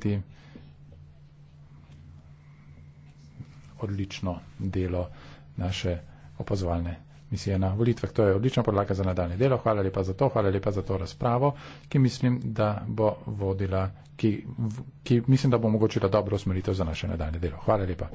ti odlično delo naše opazovalne misije na volitvah. To je odlična podlaga za nadaljne delo. Hvala lepa za to, hvala lepa za to razpravo, ki mislim, da bo vodila, ki, ki mislim, da bo omogočila dobro usmeritev za naše nadaljne delo. Hvala lepa.